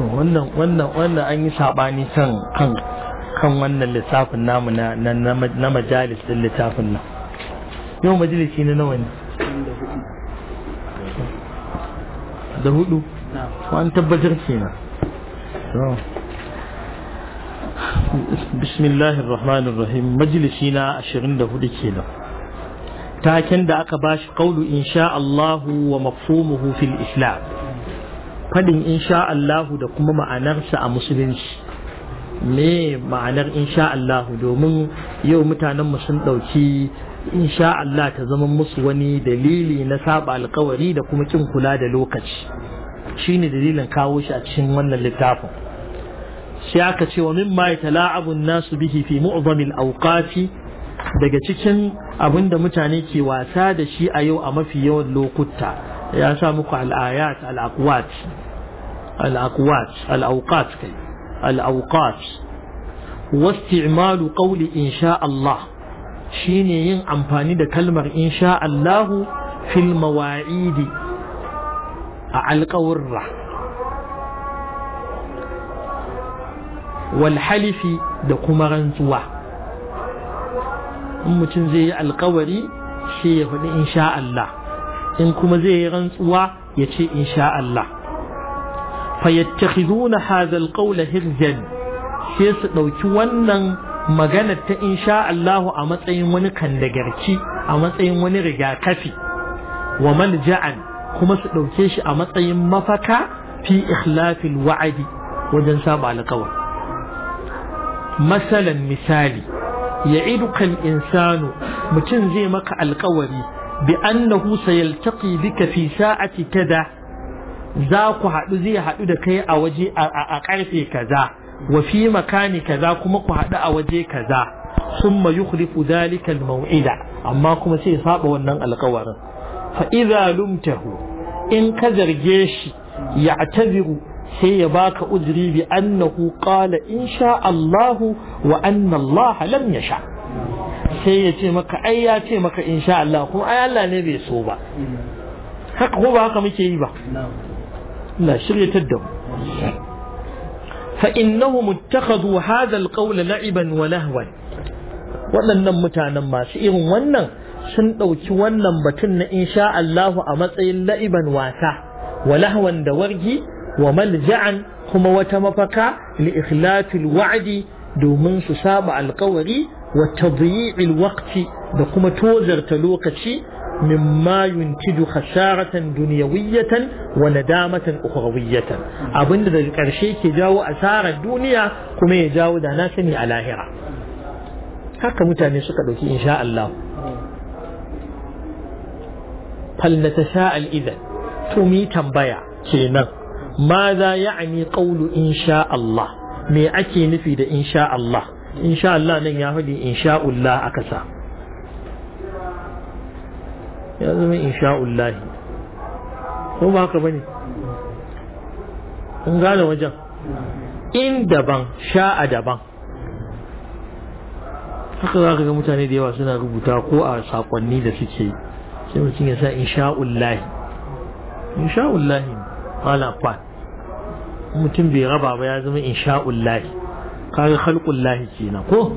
wannan wannan wannan an yi sabani kan kan kan wannan littafin namu na na majalis din littafin nan yau majalisi nawa ne da hudu an tabbatar kenan بسم الله الرحمن الرحيم مجلسي نا 24 kenan taken da aka bashi قول insha شاء wa mafhumuhu fil الإسلام fadin insha Allahu da kuma ma'anarsa a musulunci me ma'anar insha Allahu domin yau mutanen mu sun ɗauki insha Allah ta zama musu wani dalili na saba alkawari da kuma kin kula da lokaci shine dalilin kawo shi a cikin wannan littafin sai aka ce wa mimma yatala'abu an-nasu bihi fi mu'zamil awqati daga cikin abin da mutane ke wasa da shi a yau a mafi yawan lokuta ya sa muku al'ayat al'aqwat الأقوات الأوقات كي الأوقات واستعمال قول إن شاء الله شين ين أمفاني ده كلمة إن شاء الله في المواعيد على القورة والحلف ده كمران سوا mutum zai yi alkawari shi ya faɗi insha Allah in kuma zai yi rantsuwa ya ce insha Allah fayattakhizuna hadha alqawl hirjan sai su ɗauki wannan magana ta insha allahu a matsayin wani kandagarki a matsayin wani rigakafi wa malja'an kuma su ɗauke shi a matsayin mafaka fi ikhlafil wa'adi wajen saba alqawl masalan misali ya idukan insanu mutum zai maka alƙawari bi annahu sayaltaqi bika fi sa'ati kada za ku haɗu zai haɗu da kai a waje a ƙarfe kaza wa fi makani kaza kuma ku haɗu a waje kaza summa yukhlifu dhalika al amma kuma sai saba wannan alƙawarin fa idza lumtahu in ka zarge shi ya ya'taziru sai ya baka uzuri bi annahu qala insha Allah wa anna Allah lam yasha sai ya ce maka ai ya ce maka insha Allah kuma ai Allah ne bai so ba haka ko ba haka muke yi ba لا شرية الدم فإنهم اتخذوا هذا القول لعبا ولهوا waɗannan mutanen masu irin wannan sun ɗauki wannan batun na insha Allahu a matsayin la'iban wasa wa lahwan da wargi wa malja'an kuma wata mafaka li ikhlatil wa'di domin su saba alkawari wa tadyi'il waqti da kuma tozarta lokaci mimma yuntiju khasharatan dunyawiyatan wa nadamatan ukhrawiyatan abinda daga karshe ke jawo asarar duniya kuma ya jawo da na sani a lahira haka mutane suka ɗauki insha Allah فلنتساءل إذا تومي تنبيا كينا ماذا يعني قول إن شاء الله مي أكي نفيد إن شاء الله إن شاء الله نن يهدي إن شاء الله أكسا ya zama insha'ullahi ko ba haka bane kun gane wajen in daban sha'a daban haka za ka ga mutane da yawa suna rubuta ko a sakonni da suke sai mutum ya sa insha'ullahi insha'ullahi ala fa mutum bai raba ba ya zama insha'ullahi kaga khalqullahi kenan ko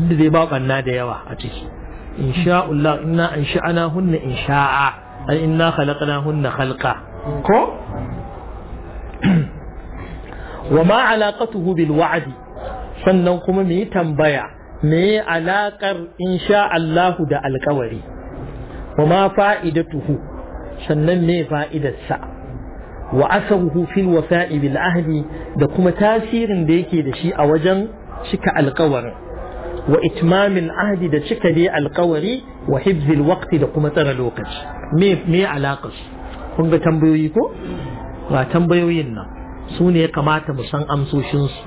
inda zai ba banna da yawa a ciki in sha Allah inna an sha'ana hunna in sha'a ai inna khalaqna hunna khalqa ko wa ma alaqatuhu bil sannan kuma mu tambaya me alaƙar in sha Allah da alƙawari wa ma fa'idatuhu sannan me fa'idarsa wa asaruhu fil wafa'i bil ahdi da kuma tasirin da yake da shi a wajen cika alƙawarin wa itmamil ahdi da cika dai alkawari wa hibzil waqti da kuma tsare lokaci me me alaƙar kun ga tambayoyi ko ga tambayoyin nan su ne ya kamata mu san amsoshinsu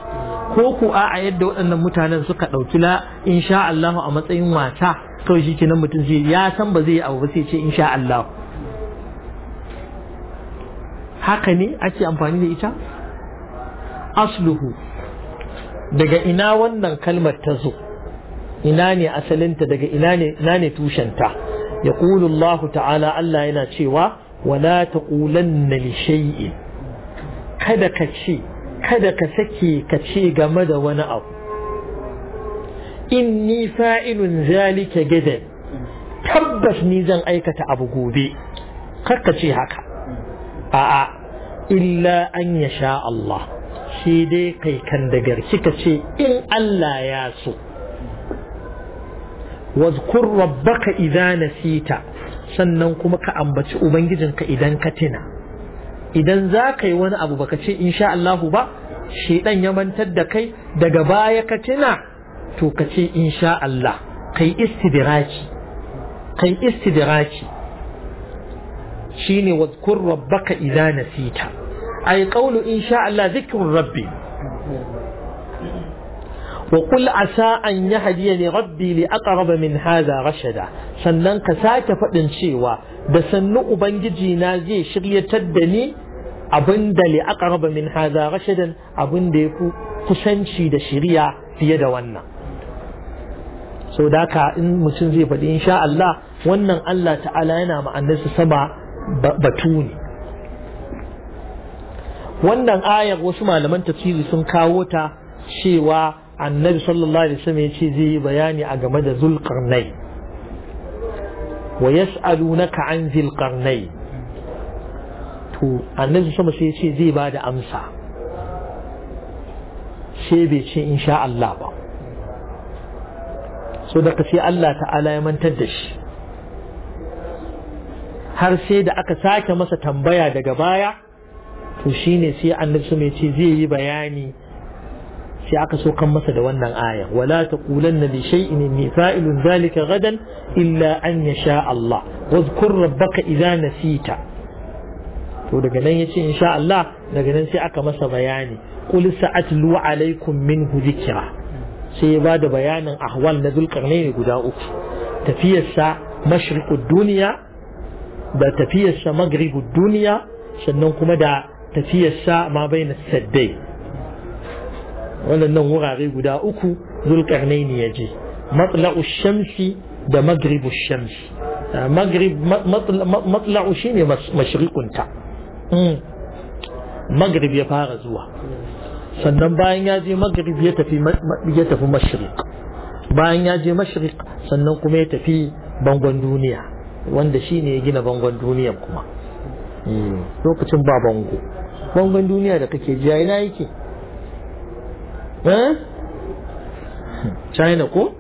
ko ku a yadda waɗannan mutanen suka ɗauki la insha a matsayin wata kawai shi kenan mutum zai ya san ba zai abu ba sai ce insha haka ne ake amfani da ita asluhu daga ina wannan kalmar ta zo ina ne asalinta daga ina ne tushenta ya Allah ta'ala Allah yana cewa wala taqulanna li shay'in kada ka ce kada ka sake ka ce game da wani abu inni fa'ilun zalika gadan tabbas ni zan aikata abu gobe karka ce haka a'a illa an ya Allah shi dai kai kan da garki ka ce in Allah ya so واذكر ربك إذا نسيت sannan kuma ka ambaci ubangijinka idan ka tuna idan za ka yi wani abu baka ce insha Allah ba shedan ya mantar da kai daga baya ka tuna to ka ce insha Allah kai istidraki kai istidraki shine wazkur rabbaka idan nasita ay qawlu insha Allah الله rabbi وقل عسى أن يهديني ربي لأقرب من هذا rashada sannan ka sake faɗin cewa da sannu ubangiji na zai shiryatar da ni abin da li aqraba min hadha rashadan abin da yafi kusanci da shiriya fiye da wannan so da ka in mutum zai faɗi in sha Allah wannan Allah ta'ala yana ma'anarsa sama batu ne wannan ayar wasu malaman tafsiri sun kawo ta cewa annabi sallallahu alaihi wasallam yace zai yi bayani a game da zulqarnai wa yas'alunaka an zulqarnai to annabi sama sai yace zai ba da amsa sai bai ce insha Allah ba so da sai Allah ta'ala ya mantar da shi har sai da aka sake masa tambaya daga baya to shine sai annabi sama yace zai yi bayani sai aka so kan masa da wannan aya wala taqulanna li shay'in inni fa'ilun dhalika gadan illa an yasha Allah wadhkur rabbaka idza nasita to daga nan yace insha Allah daga nan sai aka masa bayani qul sa'atlu alaykum minhu dhikra sai ya bada bayanin ahwal na dulqarnaini guda uku tafiyarsa mashriqud dunya da tafiyarsa maghribud dunya sannan kuma da tafiyarsa ma bayna saddai waɗannan wurare guda uku zulƙarnaini ya je matla'u shamsi da magribu shamsi ah, magrib matla'u ne mashirikunta. Hmm. magrib ya fara zuwa sannan bayan ya je magrib ya tafi ya tafi mashriq bayan ya je mashirik sannan kuma ya tafi bangon duniya wanda shi ne ya gina bangon duniyan kuma hmm. lokacin ba bango bangon duniya da kake ji ina yake Eh? China ko?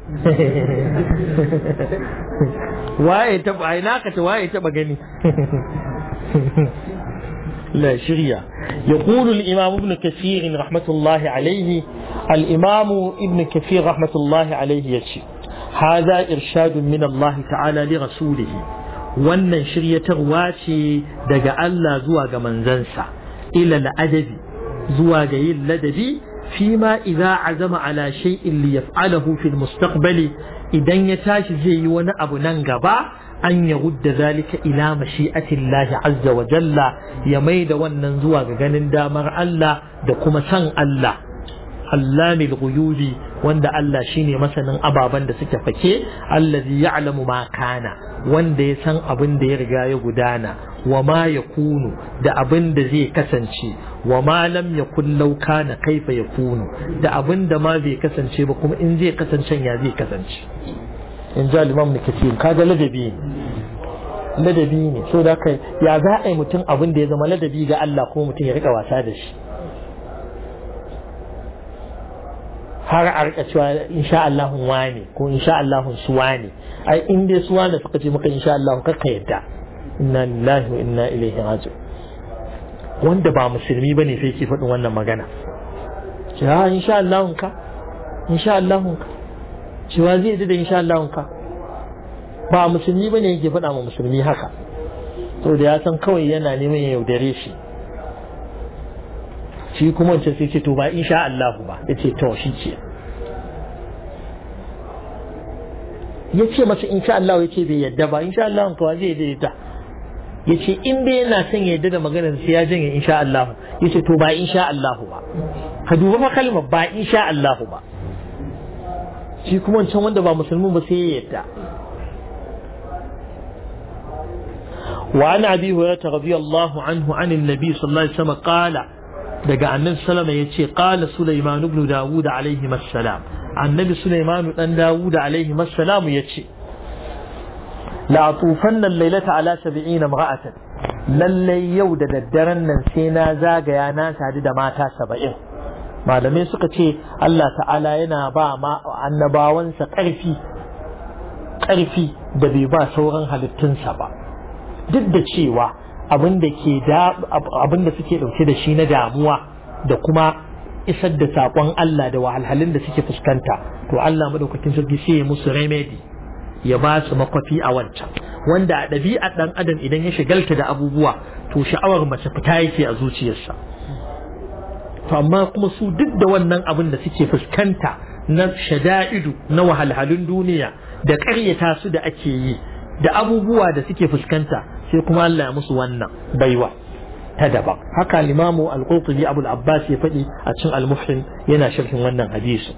Waye taba aina ka ta waye taba gani? La shirya. Ya kuru al’imamu ibn kafirin rahmatullahi alaihi, al’imamu ibn kafir rahmatullahi alaihi ya ce, Haza irshadun min Allah ta’ala li rasulihi wannan shiryatarwa ce daga Allah zuwa ga manzansa, ila la’adabi, zuwa ga yin ladabi فيما إذا عزم على شيء ليفعله في المستقبل إذا يتاش زي وانا أبو ننقبا أن يرد ذلك إلى مشيئة الله عز وجل يميد وننزوى غنن دامر الله دقم سن الله allamil ghuyubi wanda Allah shine masanin ababan da suke fake allazi ya'lamu ma kana wanda ya san abin da ya riga ya gudana wa ma yakunu da abin da zai kasance wa ma lam yakun law kana kaifa yakunu da abin da ma zai kasance ba kuma in zai kasance ya zai kasance in ji al-imam Kathir kaga ladabi ladabi ne so da kai ya za a yi mutum abin da ya zama ladabi ga Allah ko mutum ya rika wasa da shi har a rika cewa insha Allah wane ko insha Allah su wane ai in dai su wane suka ce maka insha Allah ka ka yadda inna lillahi wa inna ilaihi raji'un wanda ba musulmi bane sai ke faɗin wannan magana ce ha ah, insha Allah ka insha Allah ka cewa zai ji da insha Allah ka ba musulmi bane yake faɗa ma musulmi haka to da ya san kawai yana neman ya yaudare shi shi kuma wancan sai ce to ba insha Allah ba ya ce to shi ce ya ce masa insha Allah ya ce bai yadda ba insha Allah kawa zai yadda ita ya ce in bai yana son yadda da maganar sai ya janye insha Allah ya ce to ba insha Allah ba ka duba fa kalma ba insha Allah ba shi kuma wancan wanda ba musulmin ba sai ya yadda وعن أبي هريرة رضي الله anhu عن النبي صلى الله عليه وسلم قال دقى عن النبي صلى الله qala وسلم قال سليمان بن داود annabi Suleimanu dan Dawud alaihi ya yace la atufanna al ala 70 imra'atan lallai yau da daddaren nan sai na zagaya na sadu da mata saba'in malamai suka ce Allah ta'ala yana ba ma annabawansa ƙarfi ƙarfi da bai ba sauran halittunsa ba duk da cewa abin da suke ɗauke da shi na damuwa da kuma isar da saƙon Allah da wahalhalun da suke fuskanta to Allah madaukakin sarki sai ya musu remedy ya ba su makwafi a wancan wanda a ɗabi'ar ɗan adam idan ya shigalta da abubuwa to sha'awar mace fita yake a zuciyarsa to amma kuma su duk da wannan abin da suke fuskanta na shada'idu na wahalhalun duniya da ƙaryata su da ake yi da abubuwa da suke fuskanta sai kuma Allah ya musu wannan baiwa ta daban haka limamu al-qurtubi abul abbas ya faɗi a cikin al-muhsin yana sharhin wannan hadisi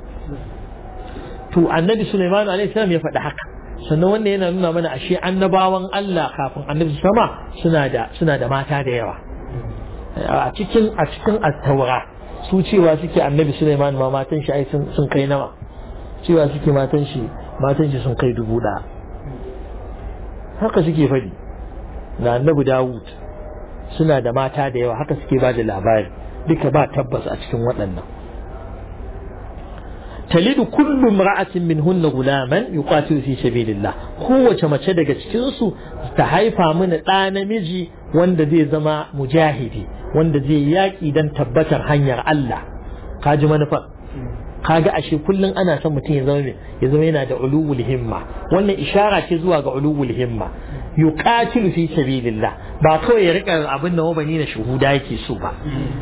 to annabi sulaiman alaihi salam ya faɗi haka sannan wannan yana nuna mana ashe annabawan Allah kafin annabi sama suna da suna da mata da yawa a cikin a cikin at su cewa suke annabi sulaiman ma matan shi ai sun kai nawa cewa suke matan shi matan shi sun kai dubu ɗaya haka suke faɗi na annabi dawud suna da mata da yawa haka suke ba da labari duka ba tabbas a cikin waɗannan talidu kullu imra'atin minhunna gulaman yuqatilu fi sabilillah kowace mace daga cikinsu su ta haifa mana ɗa namiji wanda zai zama mujahidi wanda zai yaƙi dan tabbatar hanyar Allah kaji manufa kaga ashe kullum ana son mutum ya zama ya zama yana da ulul himma wannan ishara ce zuwa ga ulul himma yuqatilu fi sabilillah ba kawai ya rika abin da mabani na shuhuda yake so ba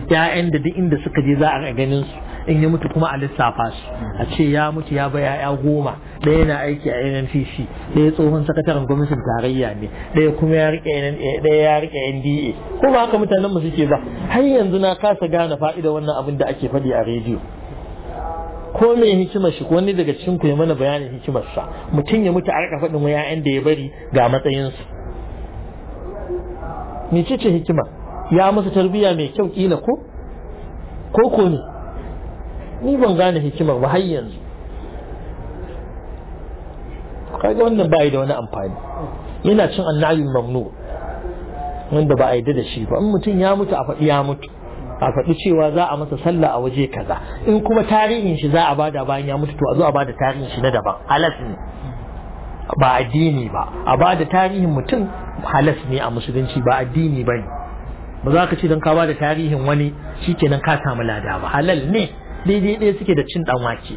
ya'yan da duk inda suka je za a ganin su in ya mutu kuma a lissafa su a ce ya mutu ya ba ya'ya goma ɗaya yana aiki a NNPC ɗaya tsohon sakataren gwamnatin tarayya ne ɗaya kuma ya rike ɗaya ya rike NDA ko haka mutanen mu suke ba har yanzu na kasa gane fa'ida wannan abin da ake faɗi a rediyo ko me hikimar shi ko wani daga cikin ku ya mana bayanin hikimar sa mutum ya mutu a rika faɗin wa ƴaƴan da ya bari ga matsayin su me ce ce hikima ya musu tarbiyya mai kyau kila ko ko ko ne ni ban gane hikimar ba har yanzu kaga wannan ba da wani amfani yana cin annabi mamnu wanda ba a yadda da shi ba mutum ya mutu a faɗi ya mutu a faɗi cewa za a masa sallah a waje kaza in kuma tarihin shi za a bada bayan ya mutu to a zo a bada tarihin shi na daban halas ne ba addini ba a bada tarihin mutum halas ne a musulunci ba addini ba ne ba za ka ce don ka bada tarihin wani shikenan ka samu lada ba halal ne daidai ɗaya suke da cin ɗan wake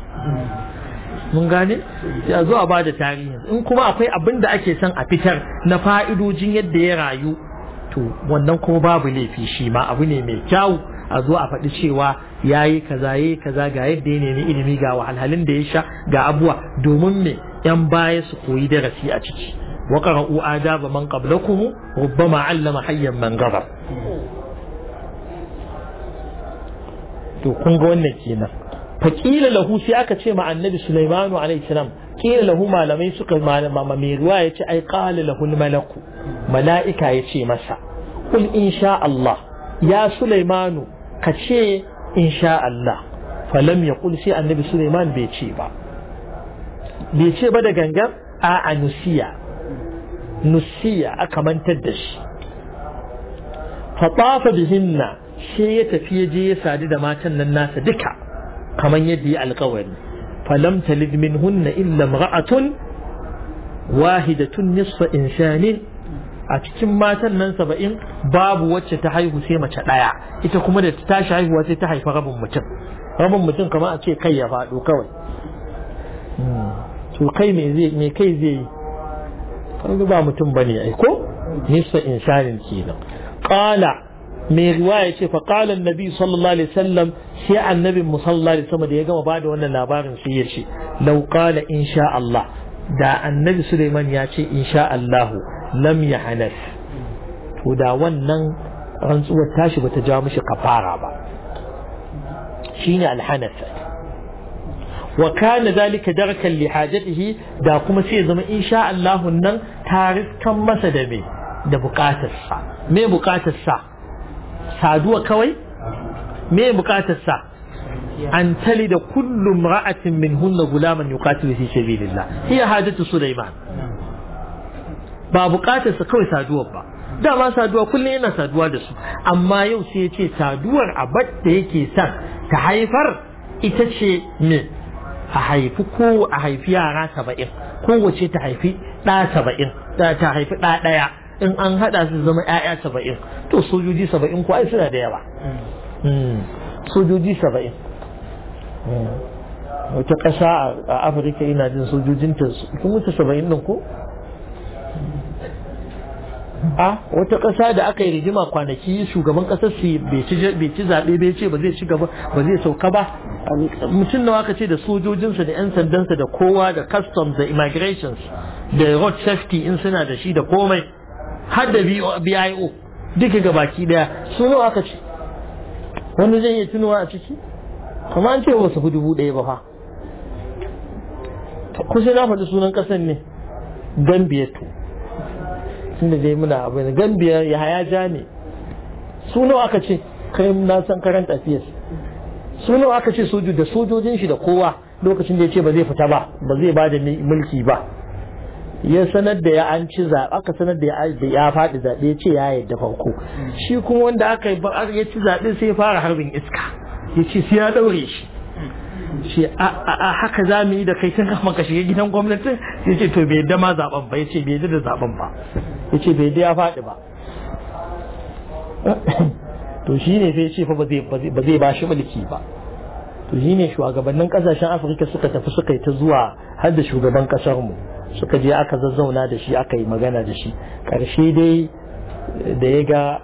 mun gane ya zo a ba da tarihin in kuma akwai abin da ake son a fitar na fa'idojin yadda ya rayu to wannan kuma babu laifi shi ma abu ne mai kyau a zo a faɗi cewa ya yayi kaza yi kaza ga yadda ya nemi ilimi ga wahalhalun da ya sha ga abuwa domin me yan baya su koyi darasi a ciki wa qara'u adaba man qablakum rubbama 'allama hayyan man gaba to kun ga wannan kenan faƙila lahu sai aka ce ma annabi sulaimanu alayhi salam lahu malamai suka malama mai ruwa ya ce ai qala lahu malaku mala'ika ya ce masa kul sha Allah ya sulaimanu ka ce sha Allah falam ya kul sai annabi Suleiman bai ce ba bai ce ba da gangan a nusiya nusiya aka mantar da shi fatafa bihinna sai ya tafi ya je ya sadu da matan nan nasa duka kamar yadda ya alkawari falam talid minhunna illa imra'atun wahidatun nisfa insanin a cikin matan nan saba'in babu wacce ta haihu sai mace ɗaya ita kuma da ta tashi haihuwa sai ta haifa rabin mutum rabin mutum kama a ce kai ya faɗo kawai hmm. to kai me kai zai yi ba mutum ba ne, ai ko nisa insanin kenan qala mai ruwa ya ce fa qala annabi sallallahu alaihi wasallam sai Annabi mu sallallahu alaihi wasallam da ya gama bada wannan labarin sai ya ce law qala insha Allah da annabi Sulaiman ya ce insha Allah lam ya hanas to da wannan rantsuwar tashi bata ja mishi kafara ba shine alhanas wa kana zalika darakan li hajatihi da kuma sai zama insha Allah nan tariskan masa da me da bukatarsa me sa? saduwa kawai me bukatarsa an tali da kullum ra'atin min hunna gulaman yuqatilu fi sabilillah hiya hajatu sulaiman ba bukatar sa kawai saduwar ba dama saduwa kullum yana saduwa da su amma yau sai ya ce saduwar abad da yake son ta haifar ita ce ne a haifi ko a haifi yara saba'in kowace ta haifi ɗa saba'in ta haifi ɗa ɗaya in an haɗa su zama ‘ya'ya saba'in to sojoji saba'in ko ai suna da yawa hmm. sojoji saba'in hmm. wata ƙasa a afirka ina jin sojojinta kuma mutu saba'in ɗin ko a wata ƙasa da aka yi rigima kwanaki shugaban ƙasar su bai ci zaɓe bai ce ba zai ci gaba ba zai sauka ba mutum nawa ka ce da sojojinsa da 'yan sandansa da kowa da customs da immigrations da road safety in suna da shi da komai har da bio duka ga baki daya su nawa ka ce wani zai iya tunowa a ciki kuma an ce ba su dubu ɗaya ba fa kusa na faɗi sunan ƙasar ne gambia da dai muna abu ne biyar ya haya ja ne su nawa aka ce kai na san karanta tafiyar su nawa aka ce soju da sojojin shi da kowa lokacin da ya ce ba zai fita ba ba zai ba da mulki ba ya sanar da ya an ci zaɓe aka sanar da ya faɗi zaɓe ce ya yadda farko shi kuma wanda aka ya ci zaɓe sai ya fara harbin iska ya ce sai ya ɗaure shi shi a haka za mu yi da kai sun kama ka shiga gidan gwamnatin ya ce to bai yadda ma zaɓen ba ya ce bai yadda da zaɓen ba ya ce bai ya faɗi ba to shi ne sai ce ba zai ba shi mulki ba to shi ne shugabannin kasashen afirka suka tafi suka yi ta zuwa har da shugaban ƙasarmu suka je aka zazzauna da shi aka yi magana da shi ƙarshe dai da ya ga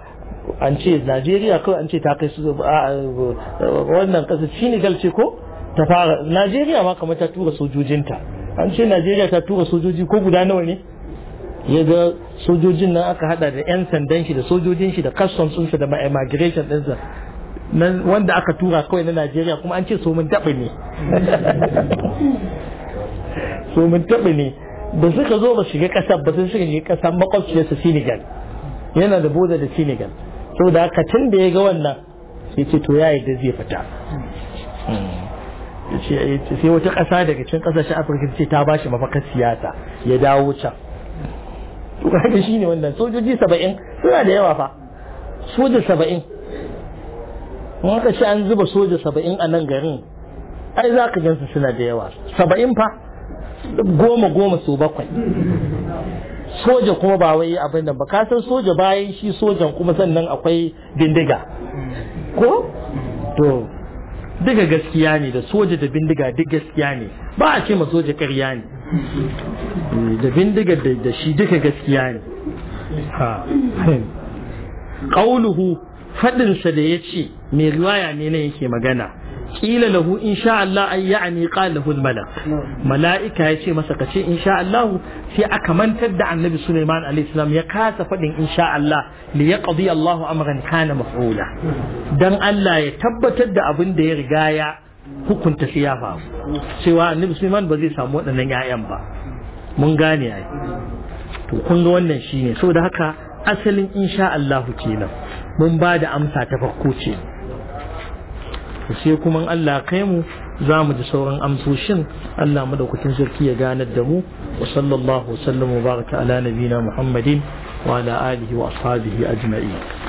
an ce najeriya kawai an ce ta kai su wannan kasar senegal ce ko ta fara najeriya ma kamar ta tura sojojinta an ce najeriya ta tura sojoji ko guda nawa ne ya ga sojojin nan aka hada da 'yan sandan shi da sojojin shi da customs sun shi da migration ɗinsa wanda aka tura kawai na Najeriya kuma an ce so mun taɓa ne so mun taɓa ne da suka zo ba shiga ƙasar ba sun shiga ƙasar makwabciyar su Senegal yana da boda da Senegal da aka tun da ya ga wannan sai ce to ya da zai fita hmm. sai wata ƙasa daga cikin ƙasashen Afirka ce ta bashi mafakar siyasa ya dawo can to shi ne wannan sojoji saba'in suna da yawa fa soja saba'in in shi an zuba soja saba'in a nan garin ai za ka gansu suna da yawa saba'in fa goma goma su bakwai soja kuma ba wai abin da ba ka san soja bayan shi sojan kuma sannan akwai bindiga ko to duka gaskiya ne da soja da bindiga duk gaskiya ne ba a ce ma soja ƙarya ne da bindigar da shi duka gaskiya ne ƙauluhu faɗinsa da ya ce mai riwaya ne na yake magana ƙila lahu in sha Allah an yi ani ƙalahul malak mala'ika ya ce masa kace in sha Allah sai aka mantar da annabi Sulaiman alaihissalam ya kasa faɗin in sha Allah li ya Allah amran kana maf'ula dan Allah ya tabbatar da abin da ya riga ya hukunta sai ya faru cewa annabi Sulaiman ba zai samu waɗannan 'ya'yan ba mun gane ai to kun ga wannan shine saboda haka asalin insha Allah kenan mun ba da amsa ta farko ce sai kuma Allah kai mu za mu ji sauran amsoshin Allah madaukakin sarki ya ganar da mu wa sallallahu wa sallam wa baraka ala nabina Muhammadin wa ala alihi wa ashabihi ajma'in